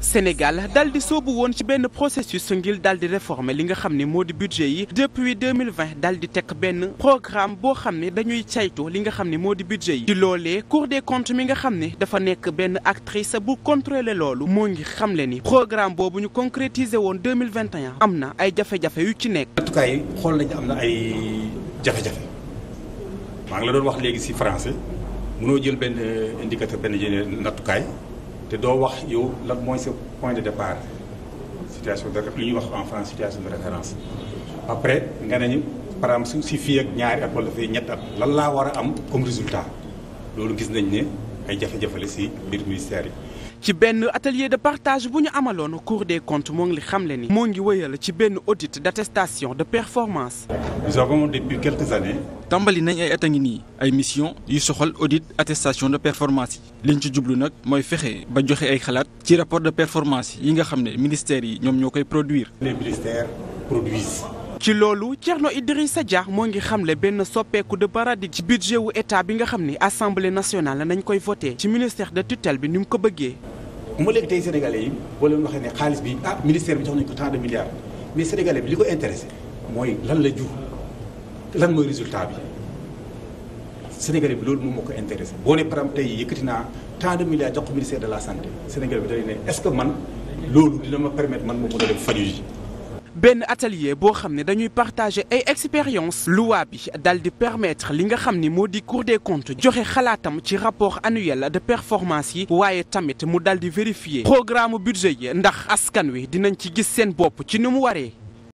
Sénégal daal di soobu woon ci benn processus ngir daal di réformer li nga xam ne moo di budget yi depuis 2020 daal di teg benn programme boo xam ne dañuy caytu li nga xam ni moo di budget yi. ci loolee Cour des comptes mi nga xam ne dafa nekk benn actrice bu contrôler loolu moo ngi xamle ni programme boobu ñu concrétiser woon 2021 am na ay jafe-jafe yu ci nekk. en xool nañu am na ay jafe-jafe maa ngi la doon wax léegi ci français mënoo jël benn euh, indicateur benn nattukaay. te doo wax yow lan mooy sa point de départ situation de li ñuy wax en France situation de référence après nga nañu par exemple su si fii ak ñaari at wala fii ñett at lan laa war a am comme résultat loolu gis nañ ne ay jafe-jafe la si mbir ministère yi. ci benn atelier de partage bu ñu amaloon Cour des comptes moo ngi li ni. moo ngi wëyal ci benn audit d'attestation de performance. nous avons depuis tàmbali nañ ay at a ngi nii ay mission yu soxal audit attestation de performance yi liñ ci jublu nag mooy fexe ba joxe ay xalaat ci rapport de performance yi nga xam ne ministères yi ñoom ñoo koy produire. les ministères ci loolu Thierno sa Dia moo ngi xamle benn soppeeku de paradigme ci budget wu état bi nga xam ni assemblée nationale nañ koy voté ci ministère de tutelle bi ni mu ko bëggee. moo léegi tey sénégalais yi boo leen waxee ne xaalis bi ah ministère bi jox nañ ko tant de milliards mais sénégalais bi li ko intéressé mooy lan la jur lan mooy résultat bi sénégalais bi loolu moom moo ko intéressé boo ne param tey yëkkati naa tant jox ministère de la santé sénégalais bi dañu ne est que man loolu man ma mën a dem ji benn atelier boo xam ne dañuy partager ay expérience loi bi dal di permettre li nga xam ni moo di Cour des comptes joxe xalaatam ci rapport annuel de performance yi waaye tamit mu dal di vérifier programme budget yi ndax askan wi dinañ ci jis seen bopp ci ni mu waree